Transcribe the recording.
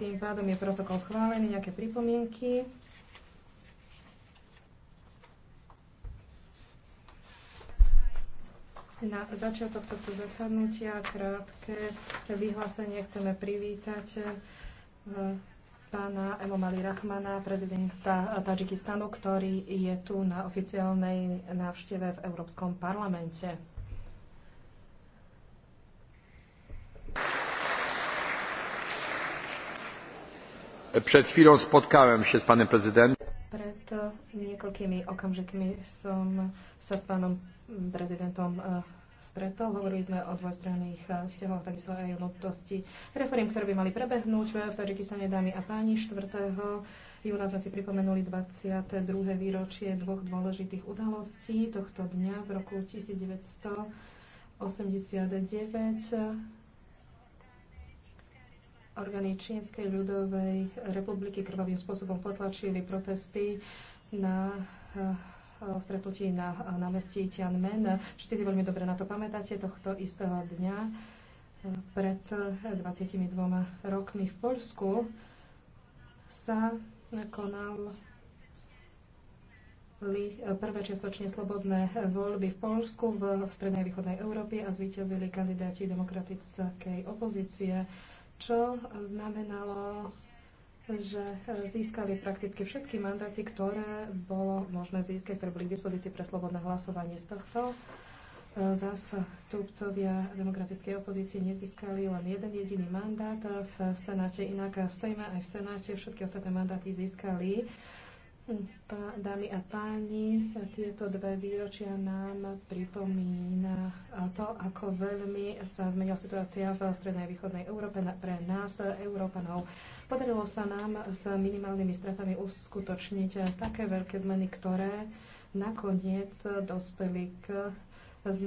Tým pádom je protokol schválený. Nejaké pripomienky? Na začiatok tohto zasadnutia krátke vyhlásenie chceme privítať eh, pána Emomali Rachmana, prezidenta Tadžikistanu, ktorý je tu na oficiálnej návšteve v Európskom parlamente. Pred chvíľou spotkałem sa s panem prezidentom. Pred niekoľkými okamžikmi som sa s pánom prezidentom stretol. Hovorili sme o dvojstranných e, vzťahoch, takisto aj o nutnosti reform, ktoré by mali prebehnúť v Tadžikistane, dámy a páni. 4. júna sme si pripomenuli 22. výročie dvoch dôležitých udalostí tohto dňa v roku 1989 Orgány Čínskej ľudovej republiky krvavým spôsobom potlačili protesty na eh, stretnutí na námestí Tianmen. Všetci si veľmi dobre na to pamätáte, tohto istého dňa eh, pred 22 eh, rokmi v Poľsku sa konal prvé čiastočne slobodné voľby v Polsku v, v strednej a východnej Európe a zvíťazili kandidáti demokratickej opozície čo znamenalo, že získali prakticky všetky mandáty, ktoré bolo možné získať, ktoré boli k dispozícii pre slobodné hlasovanie z tohto. túbcovia demokratickej opozície nezískali len jeden jediný mandát v Senáte, inak v Sejme aj v Senáte všetky ostatné mandáty získali Pá, dámy a páni, tieto dve výročia nám pripomína to, ako veľmi sa zmenila situácia v strednej a východnej Európe pre nás, Európanov. Podarilo sa nám s minimálnymi stratami uskutočniť také veľké zmeny, ktoré nakoniec dospeli k